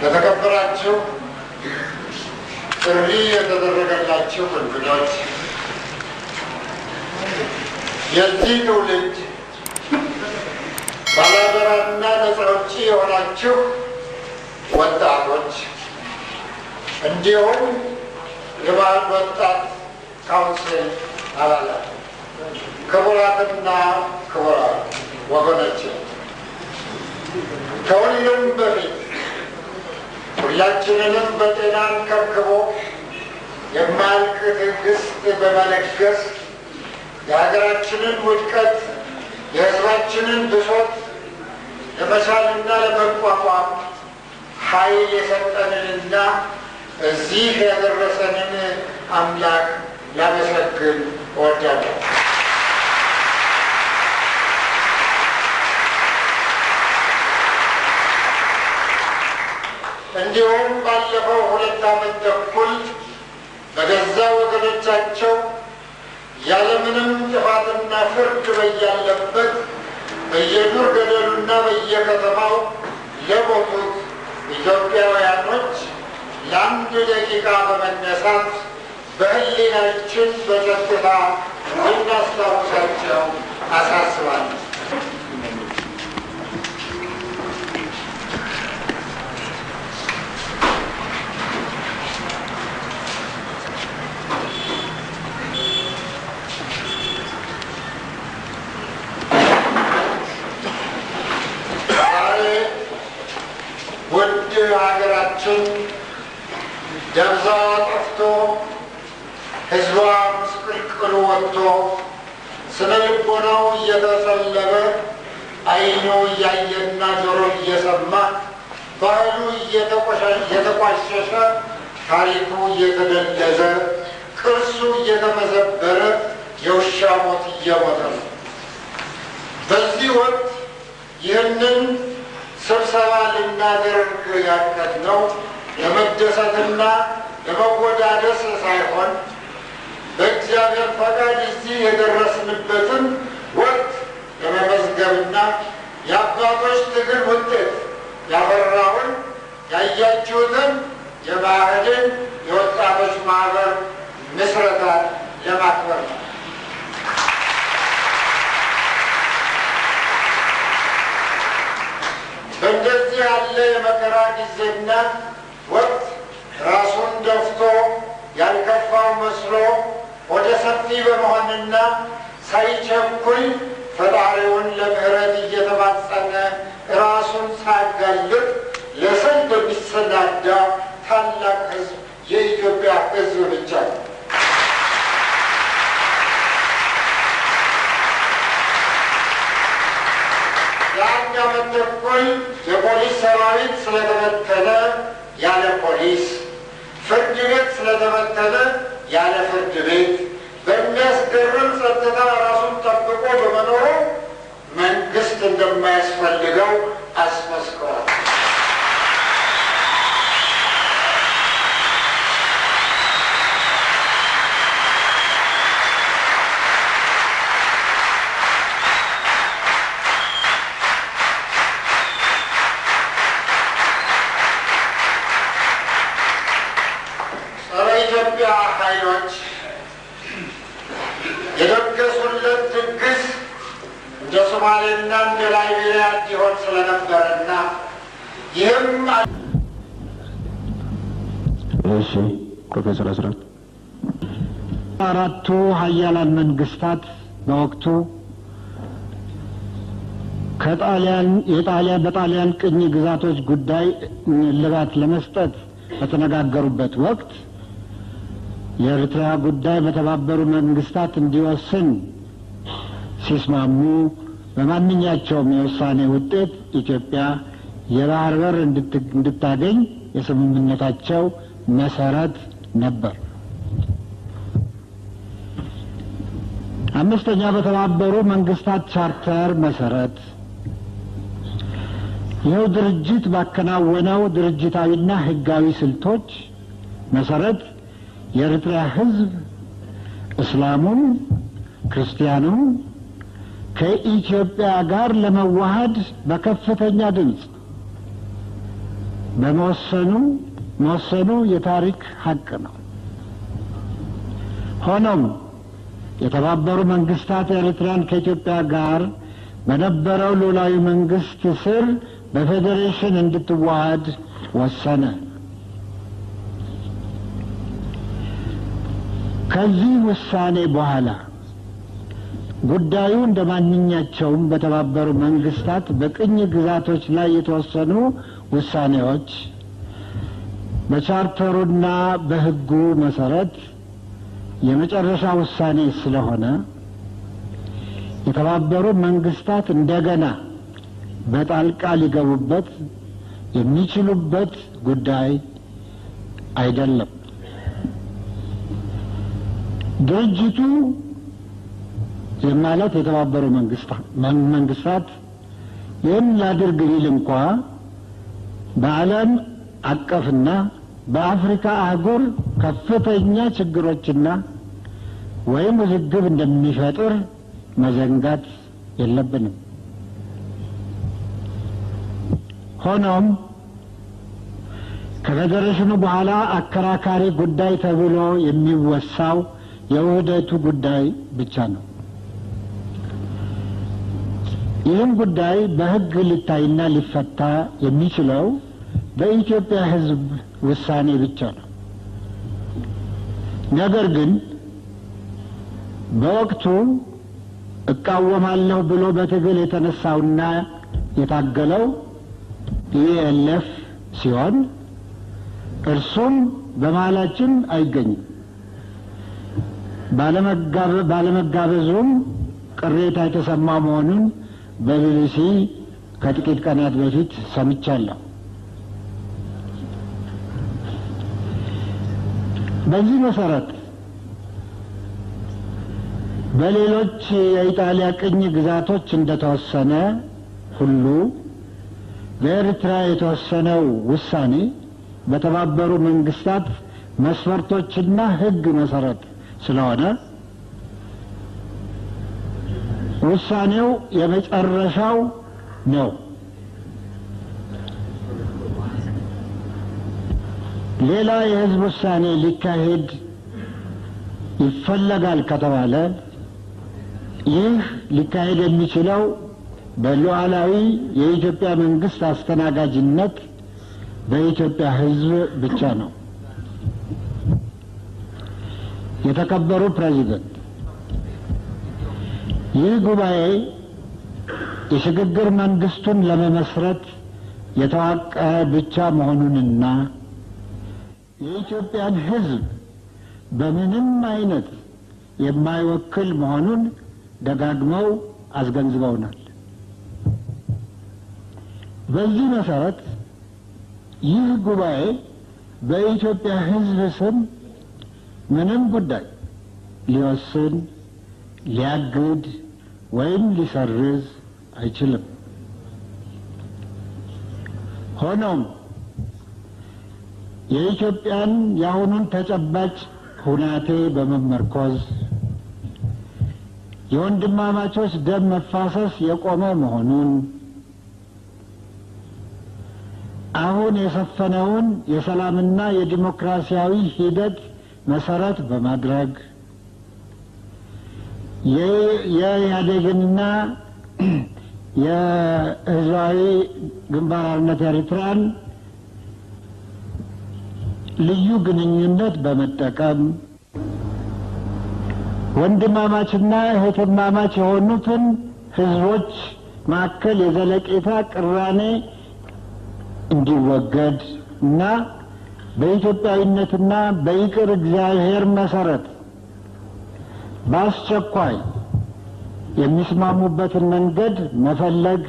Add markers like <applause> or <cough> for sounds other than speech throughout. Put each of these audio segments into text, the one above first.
ለተከበራቸው ጥሪ የተደረገላቸው እንግዶች፣ የዚህ ትውልድ ባላደራና ነፃ አውጪ የሆናችሁ ወጣቶች እንዲሁም የባህል ወጣት ካውንስል አባላት ክቡራትና ክቡራት ወገኖች ከሁሉም በፊት ሁላችንንም በጤና ከብክቦ የማያልቅ ትዕግስት በመለገስ የሀገራችንን ውድቀት የሕዝባችንን ብሶት ለመቻልና ለመቋቋም ኃይል የሰጠንንና እዚህ ያደረሰንን አምላክ ላመሰግን እወዳለሁ። እንዲሁም ባለፈው ሁለት ዓመት ተኩል በገዛ ወገኖቻቸው ያለምንም ጥፋትና ፍርድ በያለበት በየዱር ገደሉና በየከተማው ለሞቱት ኢትዮጵያውያኖች ለአንድ ደቂቃ በመነሳት በሕሊናችን በጸጥታ እናስታውሳቸው አሳስባለሁ። ውድ ሀገራችን ደብዛ ጠፍቶ ህዝቧ ምስቅልቅሉ ወጥቶ ስነ ልቦናው እየተሰለበ አይኑ እያየና ጆሮ እየሰማ ባህሉ እየተቋሸሸ ታሪኩ እየተደለዘ ቅርሱ እየተመዘበረ የውሻ ሞት እየሞተ ነው። በዚህ ወቅት ይህንን ስብሰባ ልናደርግ ነው ለመደሰትና ለመወዳደስ ሳይሆን በእግዚአብሔር ፈቃድ እዚህ የደረስንበትን ወቅት ለመመዝገብና የአባቶች ትግል ውጤት ያፈራውን ያያችሁትን የባህልን የወጣቶች ማህበር ምስረታ ለማክበር ነው። በእንዲህ ያለ የመከራ ጊዜና ወቅት ራሱን ደፍቶ ያልከፋው መስሎ ወደ ሰፊ በመሆንና ሳይቸኩል ፈጣሪውን ለምሕረት እየተማጸነ ራሱን ሳያጋልጥ ለሰልፍ የሚሰናዳ ታላቅ ሕዝብ የኢትዮጵያ ሕዝብ ብቻ ነው። ለአንድ ዓመት ተኩል የፖሊስ ሰራዊት ስለተበተነ ያለ ፖሊስ፣ ፍርድ ቤት ስለተበተነ ያለ ፍርድ ቤት በሚያስገርም ጸጥታ ራሱን ጠብቆ በመኖሩ መንግስት እንደማያስፈልገው አስመስክሯል። የኢትዮጵያ ኃይሎች የደገሱለት ድግስ እንደ ሶማሌና እንደ ላይቤሪያ እንዲሆን ስለነበረና ይህም እሺ ፕሮፌሰር አስራት አራቱ ሀያላን መንግስታት በወቅቱ ከጣሊያን የጣሊያን በጣሊያን ቅኝ ግዛቶች ጉዳይ እልባት ለመስጠት በተነጋገሩበት ወቅት የኤርትራ ጉዳይ በተባበሩ መንግስታት እንዲወስን ሲስማሙ በማንኛቸውም የውሳኔ ውጤት ኢትዮጵያ የባህር በር እንድታገኝ የስምምነታቸው መሰረት ነበር። አምስተኛ በተባበሩ መንግስታት ቻርተር መሰረት ይኸው ድርጅት ባከናወነው ድርጅታዊና ህጋዊ ስልቶች መሰረት የኤርትራ ህዝብ እስላሙም ክርስቲያኑም ከኢትዮጵያ ጋር ለመዋሃድ በከፍተኛ ድምፅ በመወሰኑ መወሰኑ የታሪክ ሀቅ ነው። ሆኖም የተባበሩ መንግስታት ኤርትራን ከኢትዮጵያ ጋር በነበረው ሉላዊ መንግስት ስር በፌዴሬሽን እንድትዋሃድ ወሰነ። ከዚህ ውሳኔ በኋላ ጉዳዩ እንደ ማንኛቸውም በተባበሩ መንግስታት በቅኝ ግዛቶች ላይ የተወሰኑ ውሳኔዎች በቻርተሩና በሕጉ መሰረት የመጨረሻ ውሳኔ ስለሆነ የተባበሩ መንግስታት እንደገና በጣልቃ ሊገቡበት የሚችሉበት ጉዳይ አይደለም። ድርጅቱ ማለት የተባበሩ መንግስታት ይህን ላድርግ ሊል እንኳ በዓለም አቀፍና በአፍሪካ አህጉር ከፍተኛ ችግሮችና ወይም ውዝግብ እንደሚፈጥር መዘንጋት የለብንም። ሆኖም ከፌዴሬሽኑ በኋላ አከራካሪ ጉዳይ ተብሎ የሚወሳው የውህደቱ ጉዳይ ብቻ ነው። ይህም ጉዳይ በህግ ሊታይና ሊፈታ የሚችለው በኢትዮጵያ ህዝብ ውሳኔ ብቻ ነው። ነገር ግን በወቅቱ እቃወማለሁ ብሎ በትግል የተነሳውና የታገለው ኢኤልኤፍ ሲሆን እርሱም በመሀላችን አይገኝም። ባለመጋበዙም ቅሬታ የተሰማ መሆኑን በቢቢሲ ከጥቂት ቀናት በፊት ሰምቻለሁ። በዚህ መሰረት በሌሎች የኢጣሊያ ቅኝ ግዛቶች እንደተወሰነ ሁሉ በኤርትራ የተወሰነው ውሳኔ በተባበሩ መንግስታት መስፈርቶችና ሕግ መሰረት ስለሆነ ውሳኔው የመጨረሻው ነው። ሌላ የህዝብ ውሳኔ ሊካሄድ ይፈለጋል ከተባለ ይህ ሊካሄድ የሚችለው በሉዓላዊ የኢትዮጵያ መንግስት አስተናጋጅነት በኢትዮጵያ ህዝብ ብቻ ነው። የተከበሩ ፕሬዚደንት፣ ይህ ጉባኤ የሽግግር መንግስቱን ለመመስረት የተዋቀረ ብቻ መሆኑንና የኢትዮጵያን ሕዝብ በምንም አይነት የማይወክል መሆኑን ደጋግመው አስገንዝበውናል። በዚህ መሰረት ይህ ጉባኤ በኢትዮጵያ ሕዝብ ስም ምንም ጉዳይ ሊወስን ሊያግድ ወይም ሊሰርዝ አይችልም። ሆኖም የኢትዮጵያን የአሁኑን ተጨባጭ ሁናቴ በመመርኮዝ የወንድማማቾች ደም መፋሰስ የቆመ መሆኑን አሁን የሰፈነውን የሰላምና የዲሞክራሲያዊ ሂደት መሰረት በማድረግ የኢህአዴግንና የህዝባዊ ግንባር ኤርትራን ልዩ ግንኙነት በመጠቀም ወንድማማችና እህትማማች የሆኑትን ህዝቦች መካከል የዘለቄታ ቅራኔ እንዲወገድ እና በኢትዮጵያዊነትና በይቅር እግዚአብሔር መሰረት በአስቸኳይ የሚስማሙበትን መንገድ መፈለግ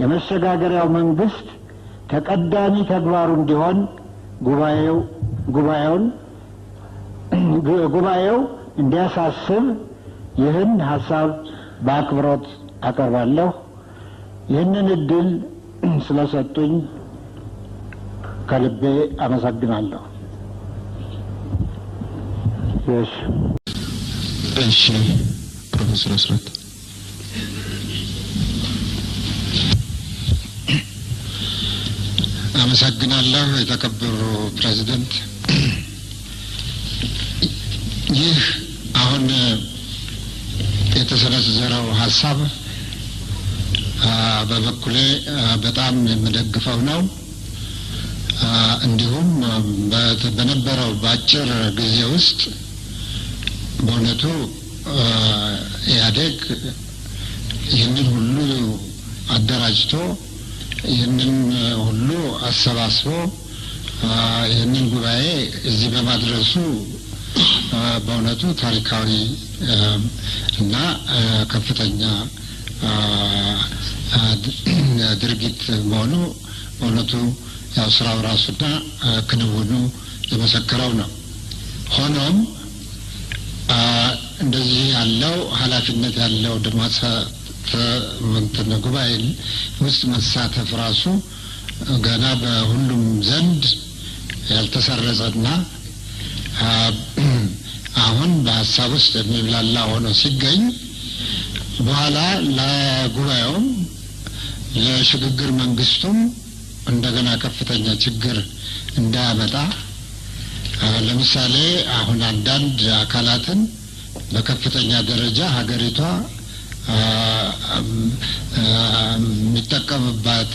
የመሸጋገሪያው መንግስት ተቀዳሚ ተግባሩ እንዲሆን ጉባኤው ጉባኤውን <clears throat> ጉባኤው እንዲያሳስብ ይህን ሀሳብ በአክብሮት አቀርባለሁ። ይህንን እድል <clears throat> ስለሰጡኝ ከልቤ አመሰግናለሁ። እሺ ፕሮፌሰር አስራት አመሰግናለሁ። የተከበሩ ፕሬዚደንት፣ ይህ አሁን የተሰነዘረው ሀሳብ በበኩሌ በጣም የምደግፈው ነው። እንዲሁም በነበረው በአጭር ጊዜ ውስጥ በእውነቱ ኢህአዴግ ይህንን ሁሉ አደራጅቶ ይህንን ሁሉ አሰባስቦ ይህንን ጉባኤ እዚህ በማድረሱ በእውነቱ ታሪካዊ እና ከፍተኛ ድርጊት መሆኑ በእውነቱ ያው ስራው ራሱና ክንውኑ የመሰከረው ነው። ሆኖም እንደዚህ ያለው ኃላፊነት ያለው ድማ እንትን ጉባኤ ውስጥ መሳተፍ ራሱ ገና በሁሉም ዘንድ ያልተሰረጸና አሁን በሀሳብ ውስጥ የሚብላላ ሆኖ ሲገኝ በኋላ ለጉባኤውም ለሽግግር መንግስቱም እንደገና ከፍተኛ ችግር እንዳያመጣ ለምሳሌ አሁን አንዳንድ አካላትን በከፍተኛ ደረጃ ሀገሪቷ የሚጠቀምባት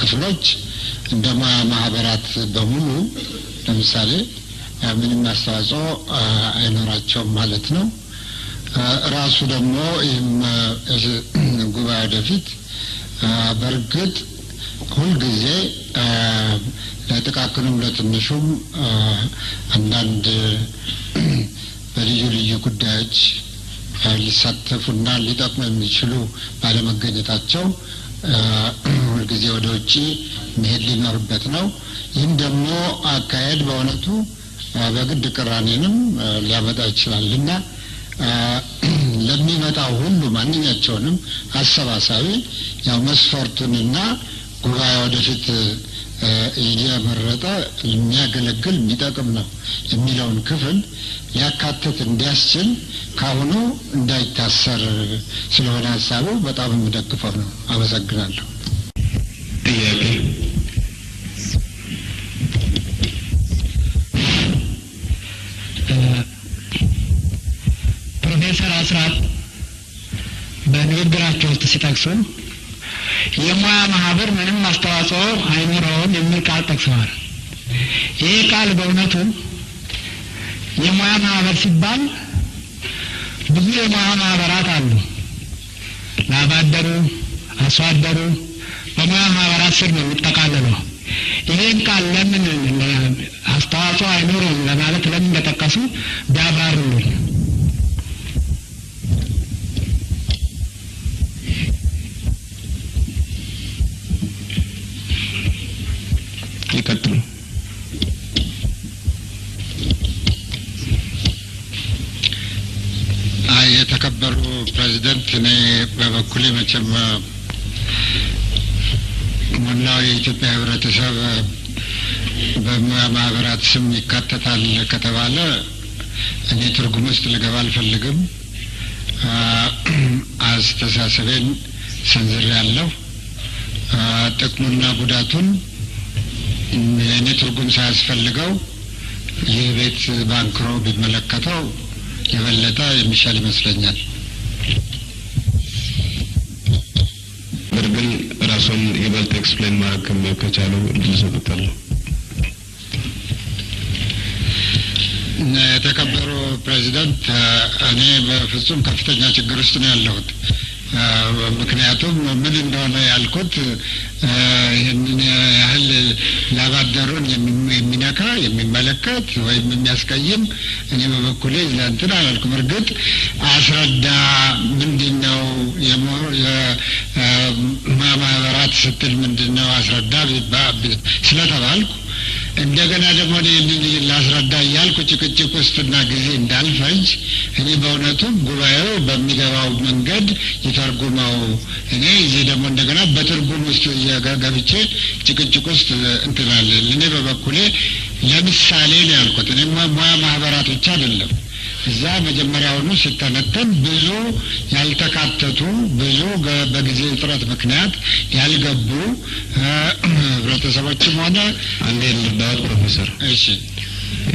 ክፍሎች እንደ ማህበራት በሙሉ ለምሳሌ ምንም አስተዋጽኦ አይኖራቸውም ማለት ነው። ራሱ ደግሞ ይህም ጉባኤ ወደፊት በእርግጥ ሁልጊዜ ለጥቃቅኑም ለትንሹም አንዳንድ በልዩ ልዩ ጉዳዮች ሊሳተፉና ሊጠቅሙ የሚችሉ ባለመገኘታቸው ሁልጊዜ ወደ ውጭ መሄድ ሊኖርበት ነው። ይህም ደግሞ አካሄድ በእውነቱ በግድ ቅራኔንም ሊያመጣ ይችላል እና ለሚመጣው ሁሉ ማንኛቸውንም አሰባሳቢ ያው መስፈርቱንና ጉባኤ ወደፊት እየመረጠ የሚያገለግል የሚጠቅም ነው የሚለውን ክፍል ሊያካትት እንዲያስችል ካሁኑ እንዳይታሰር ስለሆነ ሀሳቡ በጣም የምደግፈው ነው። አመሰግናለሁ። ጥያቄ ፕሮፌሰር አስራት በንግግራቸው ውስጥ ሲጠቅሱ የሙያ ማህበር ምንም አስተዋጽኦ አይኖረውም የሚል ቃል ጠቅሰዋል። ይህ ቃል በእውነቱ የሙያ ማህበር ሲባል ብዙ የሙያ ማህበራት አሉ። ላባ አደሩ፣ አርሶ አደሩ በሙያ ማህበራት ስር ነው የሚጠቃለለው። ይህን ቃል ለምን አስተዋጽኦ አይኖረውም ለማለት ለምን እንደጠቀሱ ቢያብራሩልን። ፕሬዚደንት፣ እኔ በበኩሌ መቼም ሙላው የኢትዮጵያ ህብረተሰብ ማህበራት ስም ይካተታል ከተባለ እኔ ትርጉም ውስጥ ልገባ አልፈልግም። አስተሳሰቤን ሰንዝር ያለው ጥቅሙና ጉዳቱን የእኔ ትርጉም ሳያስፈልገው ይህ ቤት ባንክሮ ቢመለከተው የበለጠ የሚሻል ይመስለኛል። ማከም ከቻለው እድል ሰጥታለሁ። የተከበሩ ፕሬዚደንት፣ እኔ በፍጹም ከፍተኛ ችግር ውስጥ ነው ያለሁት። ምክንያቱም ምን እንደሆነ ያልኩት ይህንን ያህል ላባደሩን የሚነካ የሚመለከት ወይም የሚያስቀይም እኔ በበኩሌ ለእንትን አላልኩም። እርግጥ አስረዳ ምንድን ነው ማህበራት ስትል ምንድን ነው አስረዳ ስለተባልኩ እንደገና ደግሞ ይህንን ላስረዳ እያልኩ ጭቅጭቅ ውስጥና ጊዜ እንዳልፈጅ እኔ በእውነቱ ጉባኤው በሚገባው መንገድ ይተርጉመው። እኔ እዚህ ደግሞ እንደገና በትርጉም ውስጥ ገብቼ ጭቅጭቅ ውስጥ እንትላለን። እኔ በበኩሌ ለምሳሌ ነው ያልኩት። እኔ ሙያ ማህበራት ብቻ አይደለም እዛ መጀመሪያውኑ ስተነተን ብዙ ያልተካተቱ ብዙ በጊዜ እጥረት ምክንያት ያልገቡ <clears throat> ህብረተሰቦችም ሆነ አንዴ ልባል ፕሮፌሰር እሺ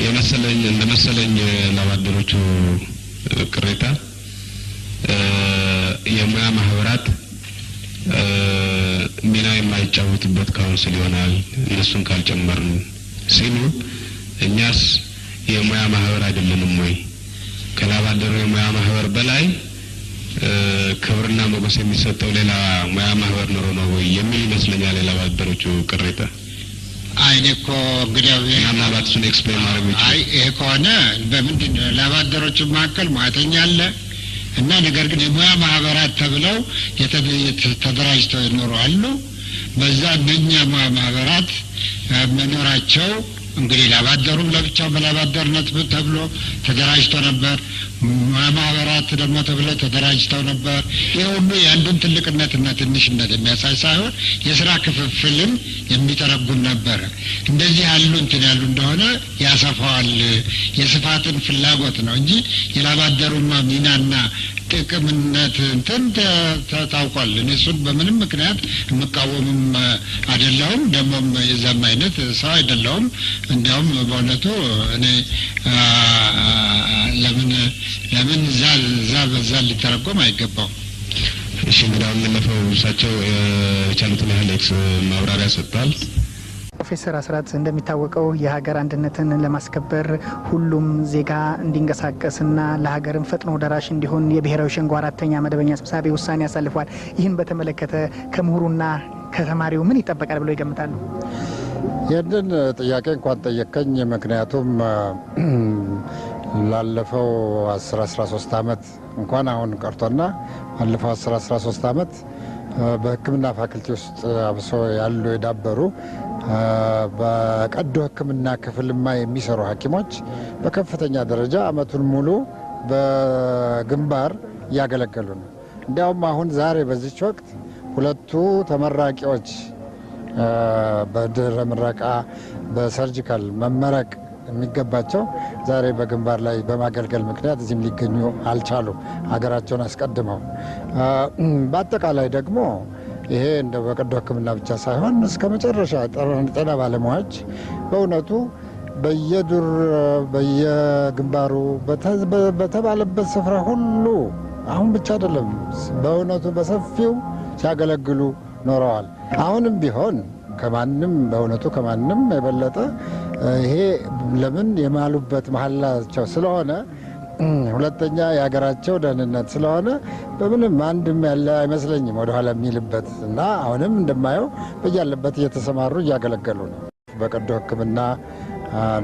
የመሰለኝ እንደ መሰለኝ ለባደሮቹ ቅሬታ የሙያ ማህበራት ሚና የማይጫወትበት ካውንስል ይሆናል እነሱን ካልጨመርን ሲሉ እኛስ የሙያ ማህበር አይደለንም ወይ ከላባልደሮ የሙያ ማህበር በላይ ክብርና ሞገስ የሚሰጠው ሌላ ሙያ ማህበር ኖሮ ነው ወይ የሚል ይመስለኛል። የላባልደሮቹ ቅሬታ አይ እኮ እንግዲያው ምናልባት እሱን ኤክስፕሌን ማድረግ ይችላል። አይ ይሄ ከሆነ በምንድን ነው ላባደሮቹ መካከል ሙያተኛ አለ እና ነገር ግን የሙያ ማህበራት ተብለው ተደራጅተው ይኖሩ አሉ። በዛ በእኛ ሙያ ማህበራት መኖራቸው እንግዲህ ላባደሩም ለብቻው በላባደርነት ተብሎ ተደራጅቶ ነበር። ማህበራት ደግሞ ተብሎ ተደራጅተው ነበር። ይህ ሁሉ የአንዱን ትልቅነትና ትንሽነት የሚያሳይ ሳይሆን የስራ ክፍፍልን የሚተረጉም ነበር እንደዚህ ያሉ እንትን ያሉ እንደሆነ ያሰፋዋል። የስፋትን ፍላጎት ነው እንጂ የላባደሩማ ሚናና ጥቅምነት እንትን ታውቋል። እኔ እሱን በምንም ምክንያት የምቃወምም አይደለሁም፣ ደግሞም የዛም አይነት ሰው አይደለሁም። እንዲያውም በእውነቱ እኔ ለምን ለምን ዛ በዛ ሊተረጎም አይገባው። እሺ እንግዲህ አሁን ያለፈው እሳቸው የቻሉትን ያህል ማብራሪያ ሰጥቷል። ፕሮፌሰር አስራት እንደሚታወቀው የሀገር አንድነትን ለማስከበር ሁሉም ዜጋ እንዲንቀሳቀስና ለሀገርም ፈጥኖ ደራሽ እንዲሆን የብሔራዊ ሸንጎ አራተኛ መደበኛ ስብሳቤ ውሳኔ ያሳልፏል። ይህን በተመለከተ ከምሁሩና ከተማሪው ምን ይጠበቃል ብለው ይገምታሉ? ይህንን ጥያቄ እንኳን ጠየቀኝ። ምክንያቱም ላለፈው 113 ዓመት እንኳን አሁን ቀርቶና ባለፈው 113 ዓመት በሕክምና ፋክልቲ ውስጥ አብሶ ያሉ የዳበሩ በቀዶ ሕክምና ክፍልማ የሚሰሩ ሐኪሞች በከፍተኛ ደረጃ አመቱን ሙሉ በግንባር እያገለገሉ ነው። እንዲያውም አሁን ዛሬ በዚች ወቅት ሁለቱ ተመራቂዎች በድህረ ምረቃ በሰርጂካል መመረቅ የሚገባቸው ዛሬ በግንባር ላይ በማገልገል ምክንያት እዚህም ሊገኙ አልቻሉም፣ ሀገራቸውን አስቀድመው። በአጠቃላይ ደግሞ ይሄ እንደ በቀዶ ሕክምና ብቻ ሳይሆን እስከ መጨረሻ ጤና ባለሙያዎች በእውነቱ በየዱር በየግንባሩ በተባለበት ስፍራ ሁሉ አሁን ብቻ አይደለም፣ በእውነቱ በሰፊው ሲያገለግሉ ኖረዋል። አሁንም ቢሆን ከማንም በእውነቱ ከማንም የበለጠ ይሄ ለምን የማሉበት መሐላቸው ስለሆነ ሁለተኛ የሀገራቸው ደህንነት ስለሆነ በምንም አንድም ያለ አይመስለኝም ወደኋላ የሚልበት እና አሁንም እንደማየው በያለበት እየተሰማሩ እያገለገሉ ነው። በቀዶ ሕክምና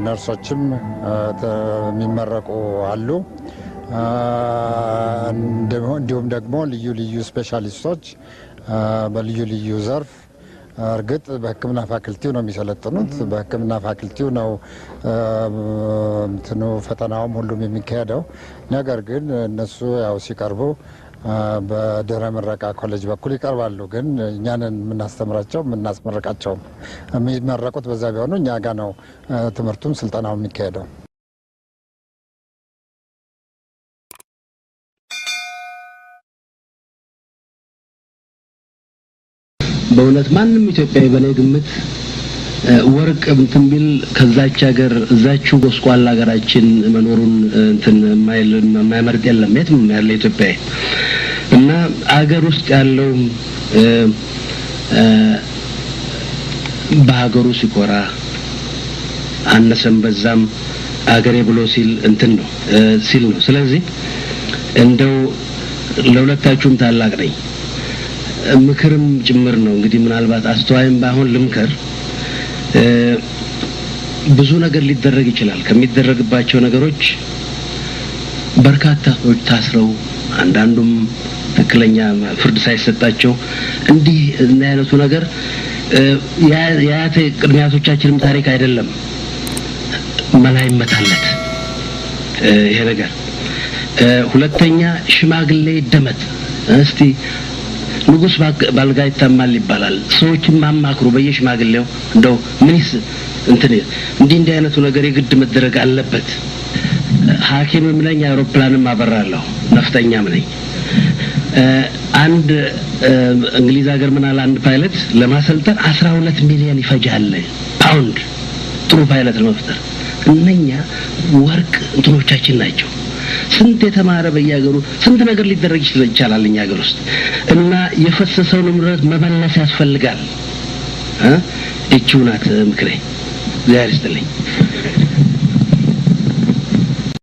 ነርሶችም የሚመረቁ አሉ። እንዲሁም ደግሞ ልዩ ልዩ ስፔሻሊስቶች በልዩ ልዩ ዘርፍ እርግጥ በህክምና ፋክልቲው ነው የሚሰለጥኑት። በህክምና ፋክልቲው ነው እንትኑ ፈተናውም ሁሉም የሚካሄደው። ነገር ግን እነሱ ያው ሲቀርቡ በድህረ ምረቃ ኮሌጅ በኩል ይቀርባሉ። ግን እኛንን የምናስተምራቸው የምናስመረቃቸውም የሚመረቁት በዛ ቢሆኑ እኛ ጋ ነው ትምህርቱም ስልጠናው የሚካሄደው። በእውነት ማንም ኢትዮጵያዊ በላይ ግምት ወርቅ እንትን ቢል ከዛች ሀገር እዛችው ጎስቋላ ሀገራችን መኖሩን እንትን የማይል የማይመርጥ የለም የትም ያለ ኢትዮጵያዊ እና አገር ውስጥ ያለው በሀገሩ ሲኮራ አነሰም በዛም አገሬ ብሎ ሲል እንትን ነው ሲል ነው። ስለዚህ እንደው ለሁለታችሁም ታላቅ ነኝ። ምክርም ጭምር ነው። እንግዲህ ምናልባት አስተዋይም ባይሆን ልምከር። ብዙ ነገር ሊደረግ ይችላል። ከሚደረግባቸው ነገሮች በርካታ ሰዎች ታስረው አንዳንዱም ትክክለኛ ፍርድ ሳይሰጣቸው እንዲህ እና አይነቱ ነገር የአያት ቅድሚያቶቻችንም ታሪክ አይደለም። መላ ይመታለት ይሄ ነገር። ሁለተኛ ሽማግሌ ደመት ። እስቲ ንጉስ ባልጋ ይታማል ይባላል። ሰዎችን ማማክሩ በየሽማግሌው እንደው ምንስ እንትን እንዲህ እንዲህ አይነቱ ነገር የግድ መደረግ አለበት። ሐኪምም ነኝ አውሮፕላንም አበራለሁ ነፍጠኛም ነኝ። አንድ እንግሊዝ ሀገር ምናል አንድ ፓይለት ለማሰልጠን አስራ ሁለት ሚሊዮን ይፈጃል ፓውንድ ጥሩ ፓይለት ለመፍጠር። እነኛ ወርቅ እንትኖቻችን ናቸው። ስንት የተማረ በየሀገሩ ስንት ነገር ሊደረግ ይችላል እኛ ሀገር ውስጥ እና የፈሰሰውን ንብረት መመለስ ያስፈልጋል። እችው ናት ምክሬ። እግዚአብሔር ይስጥልኝ።